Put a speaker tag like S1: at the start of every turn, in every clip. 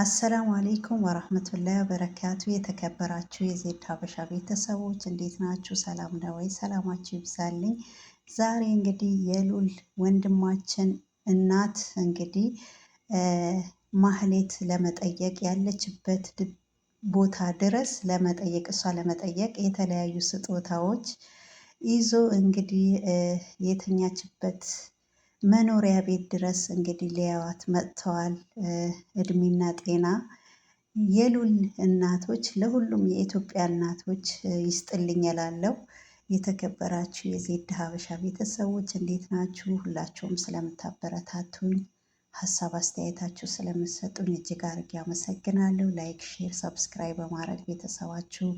S1: አሰላሙ አሌይኩም ወራህመቱላሂ ወበረካቱ። የተከበራችሁ የዜድ ሀበሻ ቤተሰቦች እንዴት ናችሁ? ሰላም ነው ወይ? ሰላማችሁ ይብዛልኝ። ዛሬ እንግዲህ የሉል ወንድማችን እናት እንግዲህ ማህሌት ለመጠየቅ ያለችበት ቦታ ድረስ ለመጠየቅ እሷ ለመጠየቅ የተለያዩ ስጦታዎች ይዞ እንግዲህ የተኛችበት መኖሪያ ቤት ድረስ እንግዲህ ሊያዋት መጥተዋል። እድሜና ጤና የሉል እናቶች ለሁሉም የኢትዮጵያ እናቶች ይስጥልኝ እላለሁ። የተከበራችሁ የዜድ ሀበሻ ቤተሰቦች እንዴት ናችሁ? ሁላችሁም ስለምታበረታቱኝ ሀሳብ አስተያየታችሁ ስለምሰጡኝ እጅግ አድርጌ አመሰግናለሁ። ላይክ፣ ሼር፣ ሰብስክራይብ በማድረግ ቤተሰባችሁ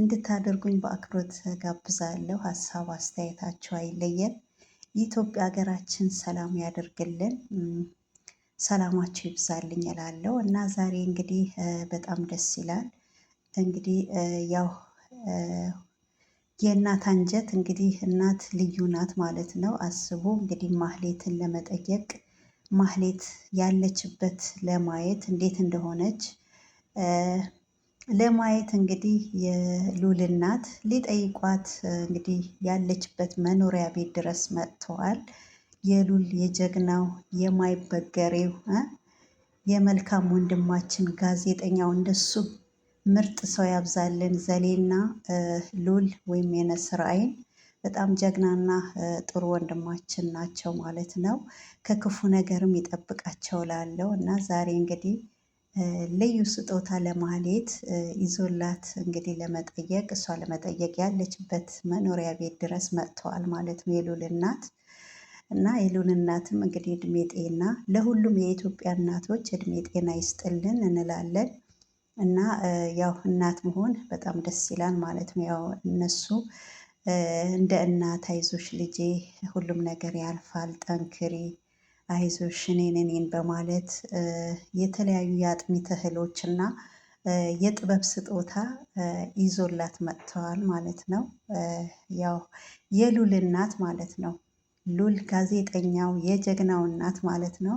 S1: እንድታደርጉኝ በአክብሮት ጋብዛለሁ። ሀሳብ አስተያየታችሁ አይለየን። የኢትዮጵያ ሀገራችን ሰላም ያደርግልን፣ ሰላማቸው ይብዛልኝ እላለሁ እና ዛሬ እንግዲህ በጣም ደስ ይላል። እንግዲህ ያው የእናት አንጀት እንግዲህ እናት ልዩ ናት ማለት ነው። አስቡ እንግዲህ ማህሌትን ለመጠየቅ ማህሌት ያለችበት ለማየት እንዴት እንደሆነች ለማየት እንግዲህ የሉል እናት ሊጠይቋት እንግዲህ ያለችበት መኖሪያ ቤት ድረስ መጥተዋል። የሉል የጀግናው የማይበገሬው የመልካም ወንድማችን ጋዜጠኛው እንደሱ ምርጥ ሰው ያብዛልን። ዘሌና ሉል ወይም የነስር አይን በጣም ጀግናና ጥሩ ወንድማችን ናቸው ማለት ነው። ከክፉ ነገርም ይጠብቃቸው ላለው እና ዛሬ እንግዲህ ልዩ ስጦታ ለማህሌት ይዞላት እንግዲህ ለመጠየቅ እሷ ለመጠየቅ ያለችበት መኖሪያ ቤት ድረስ መጥተዋል ማለት ነው የሉል እናት እና የሉል እናትም እንግዲህ እድሜ ጤና ለሁሉም የኢትዮጵያ እናቶች እድሜ ጤና ይስጥልን እንላለን። እና ያው እናት መሆን በጣም ደስ ይላል ማለት ነው። ያው እነሱ እንደ እናት አይዞሽ ልጄ፣ ሁሉም ነገር ያልፋል፣ ጠንክሪ አይዞሽ እኔን እኔን በማለት የተለያዩ የአጥሚ እህሎች እና የጥበብ ስጦታ ይዞላት መጥተዋል ማለት ነው። ያው የሉል እናት ማለት ነው። ሉል ጋዜጠኛው የጀግናው እናት ማለት ነው።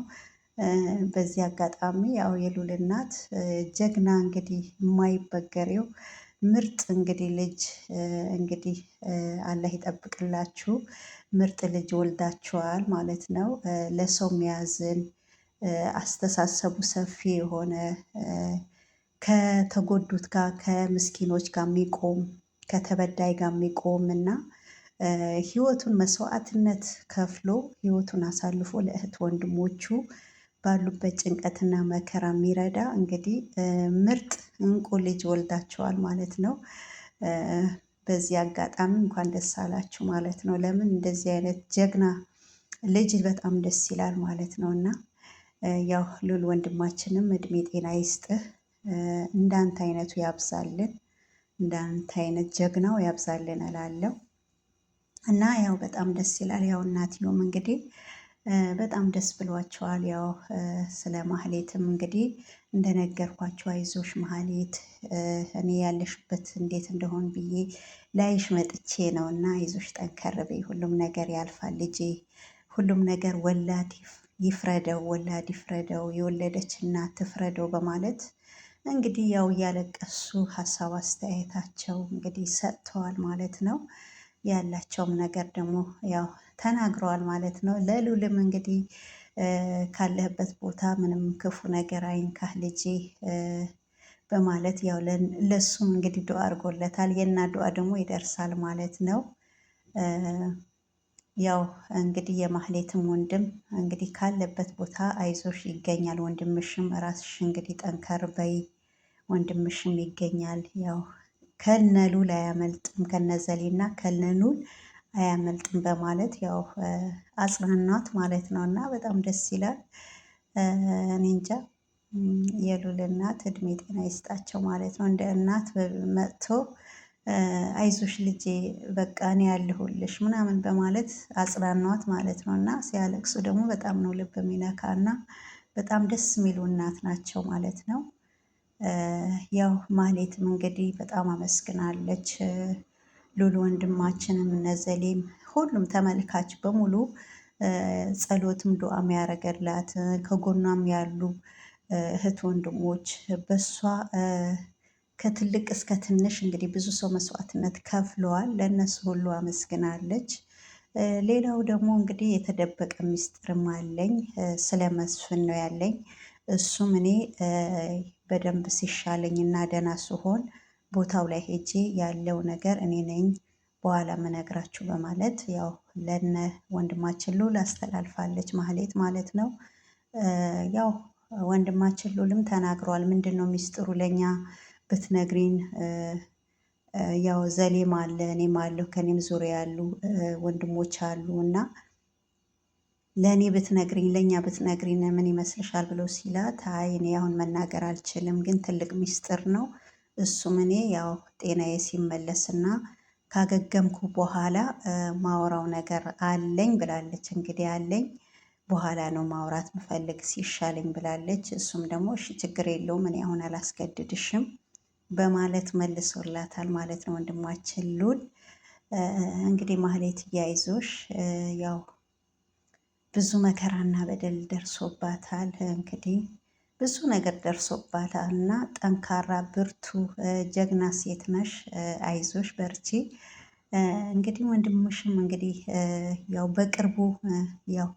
S1: በዚህ አጋጣሚ ያው የሉል እናት ጀግና እንግዲህ የማይበገሬው ምርጥ እንግዲህ ልጅ እንግዲህ አላህ ይጠብቅላችሁ። ምርጥ ልጅ ወልዳችኋል ማለት ነው። ለሰው የሚያዝን አስተሳሰቡ ሰፊ የሆነ ከተጎዱት ጋር ከምስኪኖች ጋር የሚቆም ከተበዳይ ጋር የሚቆም እና ህይወቱን መስዋዕትነት ከፍሎ ህይወቱን አሳልፎ ለእህት ወንድሞቹ ባሉበት ጭንቀትና መከራ የሚረዳ እንግዲህ ምርጥ እንቁ ልጅ ወልዳችኋል ማለት ነው። በዚህ አጋጣሚ እንኳን ደስ አላችሁ ማለት ነው። ለምን እንደዚህ አይነት ጀግና ልጅ በጣም ደስ ይላል ማለት ነው። እና ያው ሉል ወንድማችንም እድሜ ጤና ይስጥህ፣ እንዳንተ አይነቱ ያብዛልን፣ እንዳንተ አይነት ጀግናው ያብዛልን እላለሁ። እና ያው በጣም ደስ ይላል። ያው እናትዮም እንግዲህ በጣም ደስ ብሏቸዋል። ያው ስለ ማህሌትም እንግዲህ እንደነገርኳቸው አይዞሽ ማህሌት፣ እኔ ያለሽበት እንዴት እንደሆን ብዬ ላይሽ መጥቼ ነው እና አይዞሽ ጠንከር በይ፣ ሁሉም ነገር ያልፋል ልጄ፣ ሁሉም ነገር ወላድ ይፍረደው፣ ወላድ ይፍረደው፣ የወለደች እናት ትፍረደው በማለት እንግዲህ ያው እያለቀሱ ሀሳብ አስተያየታቸው እንግዲህ ሰጥተዋል ማለት ነው። ያላቸውም ነገር ደግሞ ያው ተናግረዋል ማለት ነው። ለሉልም እንግዲህ ካለህበት ቦታ ምንም ክፉ ነገር አይንካህ ልጄ በማለት ያው ለሱም እንግዲህ ዱዓ አድርጎለታል። የና ዱዓ ደግሞ ይደርሳል ማለት ነው። ያው እንግዲህ የማህሌትም ወንድም እንግዲህ ካለበት ቦታ አይዞሽ ይገኛል። ወንድምሽም ራስሽ እንግዲህ ጠንከር በይ ወንድምሽም ይገኛል ያው ከነሉል አያመልጥም እና ከነኑል አያመልጥም በማለት ያው አጽናናት ማለት ነው። እና በጣም ደስ ይላል። እኔ እንጃ የሉል እናት እድሜ ጤና ይስጣቸው ማለት ነው። እንደ እናት መጥቶ አይዞሽ ልጄ በቃ እኔ ያለሁልሽ ምናምን በማለት አጽናኗት ማለት ነው። እና ሲያለቅሱ ደግሞ በጣም ነው ልብ የሚነካ እና በጣም ደስ የሚሉ እናት ናቸው ማለት ነው። ያው ማህሌትም እንግዲህ በጣም አመስግናለች። ሉሉ ወንድማችንም ነዘሌም ሁሉም ተመልካች በሙሉ ጸሎትም ዱዓም ያደረገላት ከጎኗም ያሉ እህት ወንድሞች በሷ ከትልቅ እስከ ትንሽ እንግዲህ ብዙ ሰው መስዋዕትነት ከፍለዋል። ለእነሱ ሁሉ አመስግናለች። ሌላው ደግሞ እንግዲህ የተደበቀ ሚስጥርም አለኝ። ስለ መስፍን ነው ያለኝ። እሱም እኔ በደንብ ሲሻለኝ እና ደህና ስሆን ቦታው ላይ ሄጄ ያለው ነገር እኔ ነኝ በኋላ የምነግራችሁ በማለት ያው ለነ ወንድማችን ሉል አስተላልፋለች ማህሌት ማለት ነው። ያው ወንድማችን ሉልም ተናግሯል። ምንድን ነው ሚስጥሩ ለእኛ ብትነግሪን ያው ዘሌም አለ እኔም አለሁ ከኔም ዙሪያ ያሉ ወንድሞች አሉ እና ለእኔ ብትነግሪኝ ለእኛ ብትነግሪኝ ምን ይመስልሻል ብሎ ሲላት፣ አይ እኔ አሁን መናገር አልችልም፣ ግን ትልቅ ሚስጥር ነው። እሱም እኔ ያው ጤናዬ ሲመለስና ካገገምኩ በኋላ ማውራው ነገር አለኝ ብላለች። እንግዲህ አለኝ በኋላ ነው ማውራት ምፈልግ ሲሻለኝ ብላለች። እሱም ደግሞ እሺ ችግር የለውም እኔ አሁን አላስገድድሽም በማለት መልሶላታል ማለት ነው ወንድማችን ሉል። እንግዲህ ማህሌት እያይዞሽ ያው ብዙ መከራና በደል ደርሶባታል። እንግዲህ ብዙ ነገር ደርሶባታል እና ጠንካራ ብርቱ ጀግና ሴት ነሽ፣ አይዞሽ በርቺ። እንግዲህ ወንድምሽም እንግዲህ ያው በቅርቡ ያው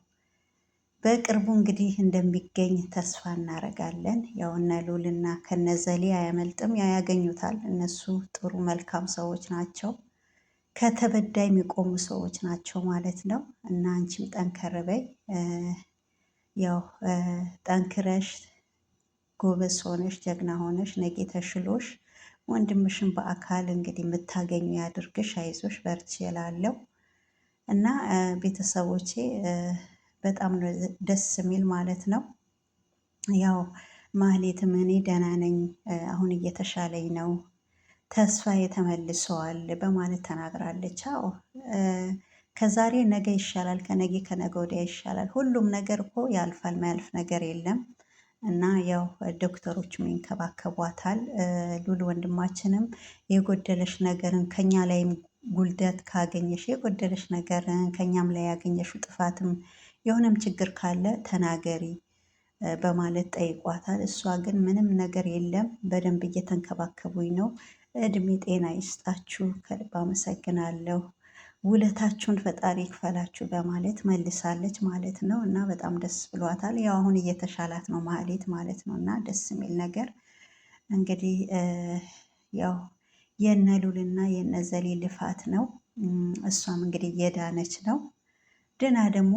S1: በቅርቡ እንግዲህ እንደሚገኝ ተስፋ እናደርጋለን። ያው እነ ሉልና ከነዘሌ አያመልጥም፣ ያገኙታል እነሱ ጥሩ መልካም ሰዎች ናቸው። ከተበዳይ የሚቆሙ ሰዎች ናቸው ማለት ነው። እና አንቺም ጠንከር በይ። ያው ጠንክረሽ ጎበዝ ሆነሽ ጀግና ሆነሽ ነቄ ተሽሎሽ ወንድምሽን በአካል እንግዲህ የምታገኙ ያድርግሽ። አይዞሽ በርቺ እላለሁ። እና ቤተሰቦቼ በጣም ደስ የሚል ማለት ነው። ያው ማህሌትም እኔ ደህና ነኝ፣ አሁን እየተሻለኝ ነው ተስፋዬ ተመልሰዋል በማለት ተናግራለች። አዎ ከዛሬ ነገ ይሻላል፣ ከነገ ከነገ ወዲያ ይሻላል። ሁሉም ነገር እኮ ያልፋል፣ ማያልፍ ነገር የለም እና ያው ዶክተሮችም ይንከባከቧታል። ሉል ወንድማችንም የጎደለሽ ነገርን ከኛ ላይም ጉልደት ካገኘሽ የጎደለሽ ነገርን ከኛም ላይ ያገኘሽው ጥፋትም የሆነም ችግር ካለ ተናገሪ በማለት ጠይቋታል። እሷ ግን ምንም ነገር የለም፣ በደንብ እየተንከባከቡኝ ነው እድሜ ጤና ይስጣችሁ፣ ከልብ አመሰግናለሁ፣ ውለታችሁን ፈጣሪ ይክፈላችሁ በማለት መልሳለች ማለት ነው። እና በጣም ደስ ብሏታል። ያው አሁን እየተሻላት ነው ማህሌት ማለት ነው። እና ደስ የሚል ነገር እንግዲህ ያው የነ ሉልና የነ ዘሌ ልፋት ነው። እሷም እንግዲህ እየዳነች ነው። ድና ደግሞ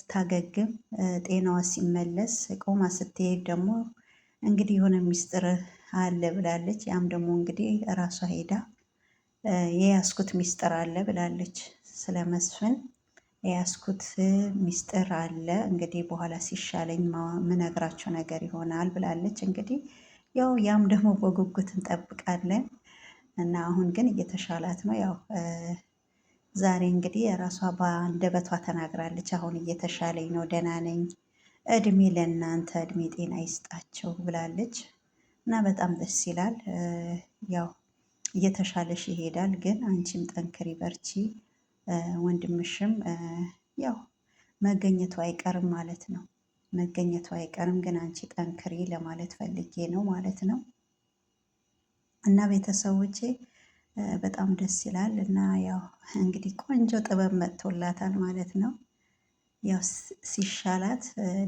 S1: ስታገግም ጤናዋ ሲመለስ ቆማ ስትሄድ ደግሞ እንግዲህ የሆነ ሚስጥር አለ ብላለች። ያም ደግሞ እንግዲህ ራሷ ሄዳ የያዝኩት ሚስጥር አለ ብላለች። ስለ መስፍን የያዝኩት ሚስጥር አለ እንግዲህ በኋላ ሲሻለኝ ምነግራቸው ነገር ይሆናል ብላለች። እንግዲህ ያው ያም ደግሞ በጉጉት እንጠብቃለን እና አሁን ግን እየተሻላት ነው። ያው ዛሬ እንግዲህ ራሷ በአንደበቷ ተናግራለች። አሁን እየተሻለኝ ነው፣ ደህና ነኝ እድሜ ለእናንተ እድሜ ጤና ይስጣቸው ብላለች እና በጣም ደስ ይላል። ያው እየተሻለሽ ይሄዳል፣ ግን አንቺም ጠንክሪ በርቺ። ወንድምሽም ያው መገኘቱ አይቀርም ማለት ነው መገኘቱ አይቀርም፣ ግን አንቺ ጠንክሪ ለማለት ፈልጌ ነው ማለት ነው። እና ቤተሰቦቼ በጣም ደስ ይላል እና ያው እንግዲህ ቆንጆ ጥበብ መጥቶላታል ማለት ነው። ያው ሲሻላት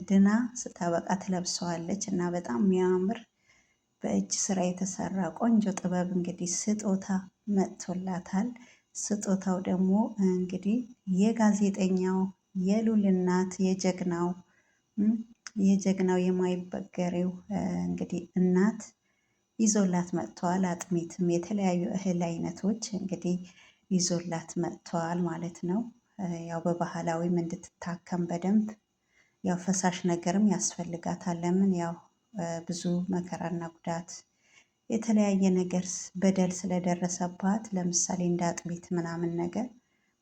S1: ድና ስታበቃ ትለብሰዋለች እና በጣም የሚያምር በእጅ ስራ የተሰራ ቆንጆ ጥበብ እንግዲህ ስጦታ መጥቶላታል። ስጦታው ደግሞ እንግዲህ የጋዜጠኛው የሉል እናት የጀግናው የጀግናው የማይበገሬው እንግዲህ እናት ይዞላት መጥተዋል። አጥሚትም የተለያዩ እህል አይነቶች እንግዲህ ይዞላት መጥተዋል ማለት ነው። ያው በባህላዊም እንድትታከም በደንብ ያው ፈሳሽ ነገርም ያስፈልጋታል። ለምን ያው ብዙ መከራና ጉዳት የተለያየ ነገር በደል ስለደረሰባት ለምሳሌ እንደ አጥሚት ምናምን ነገር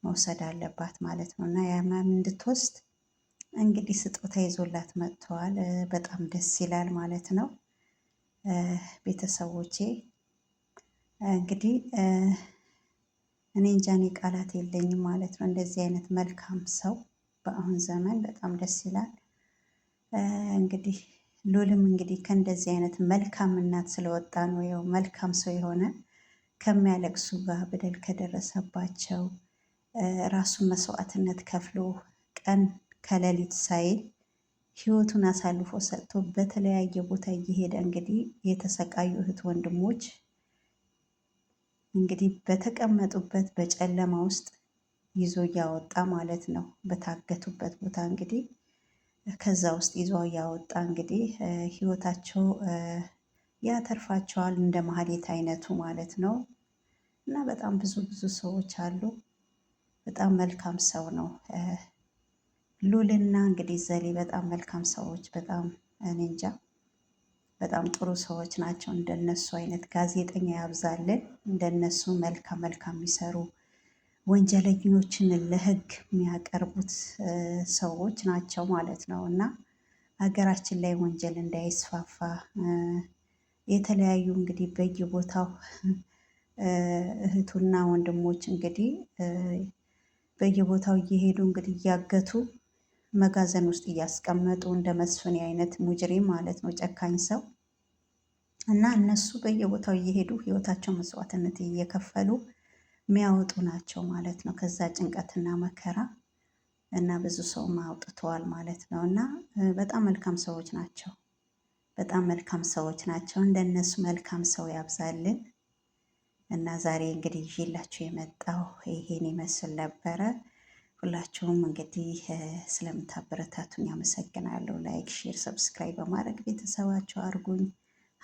S1: መውሰድ አለባት ማለት ነው እና ያማም እንድትወስድ እንግዲህ ስጦታ ይዞላት መጥተዋል። በጣም ደስ ይላል ማለት ነው ቤተሰቦቼ እንግዲህ እኔ እንጃ እኔ ቃላት የለኝም ማለት ነው። እንደዚህ አይነት መልካም ሰው በአሁን ዘመን በጣም ደስ ይላል። እንግዲህ ሉልም እንግዲህ ከእንደዚህ አይነት መልካም እናት ስለወጣ ነው ያው መልካም ሰው የሆነ ከሚያለቅሱ ጋር በደል ከደረሰባቸው ራሱን መስዋዕትነት ከፍሎ ቀን ከሌሊት ሳይል ህይወቱን አሳልፎ ሰጥቶ በተለያየ ቦታ እየሄደ እንግዲህ የተሰቃዩ እህት ወንድሞች እንግዲህ በተቀመጡበት በጨለማ ውስጥ ይዞ እያወጣ ማለት ነው። በታገቱበት ቦታ እንግዲህ ከዛ ውስጥ ይዞ እያወጣ እንግዲህ ህይወታቸው ያተርፋቸዋል እንደ ማህሌት አይነቱ ማለት ነው። እና በጣም ብዙ ብዙ ሰዎች አሉ። በጣም መልካም ሰው ነው ሉልና እንግዲህ ዘሌ በጣም መልካም ሰዎች በጣም እኔ እንጃ በጣም ጥሩ ሰዎች ናቸው። እንደነሱ አይነት ጋዜጠኛ ያብዛልን። እንደነሱ መልካም መልካም የሚሰሩ ወንጀለኞችን ለህግ የሚያቀርቡት ሰዎች ናቸው ማለት ነው እና ሀገራችን ላይ ወንጀል እንዳይስፋፋ የተለያዩ እንግዲህ በየቦታው እህቱና ወንድሞች እንግዲህ በየቦታው እየሄዱ እንግዲህ እያገቱ መጋዘን ውስጥ እያስቀመጡ እንደ መስፍኔ አይነት ሙጅሪም ማለት ነው፣ ጨካኝ ሰው እና እነሱ በየቦታው እየሄዱ ህይወታቸው መስዋዕትነት እየከፈሉ የሚያወጡ ናቸው ማለት ነው። ከዛ ጭንቀትና መከራ እና ብዙ ሰው አውጥተዋል ማለት ነው። እና በጣም መልካም ሰዎች ናቸው። በጣም መልካም ሰዎች ናቸው። እንደነሱ መልካም ሰው ያብዛልን። እና ዛሬ እንግዲህ ይዤላችሁ የመጣው ይሄን ይመስል ነበረ። ሁላችሁም እንግዲህ ስለምታበረታቱኝ አመሰግናለሁ። ላይክ፣ ሼር፣ ሰብስክራይብ በማድረግ ቤተሰባችሁ አድርጉኝ።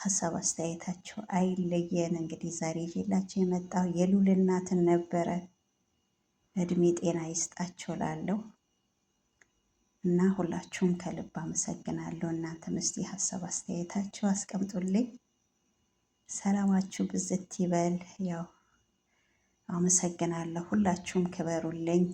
S1: ሀሳብ አስተያየታችሁ አይለየን። እንግዲህ ዛሬ ይዤላችሁ የመጣው የሉል እናትን ነበረ። እድሜ ጤና ይስጣችሁ ላለው እና ሁላችሁም ከልብ አመሰግናለሁ። እናንተም እስቲ ሀሳብ አስተያየታችሁ አስቀምጡልኝ። ሰላማችሁ ብዝት ይበል። ያው አመሰግናለሁ። ሁላችሁም ክበሩልኝ።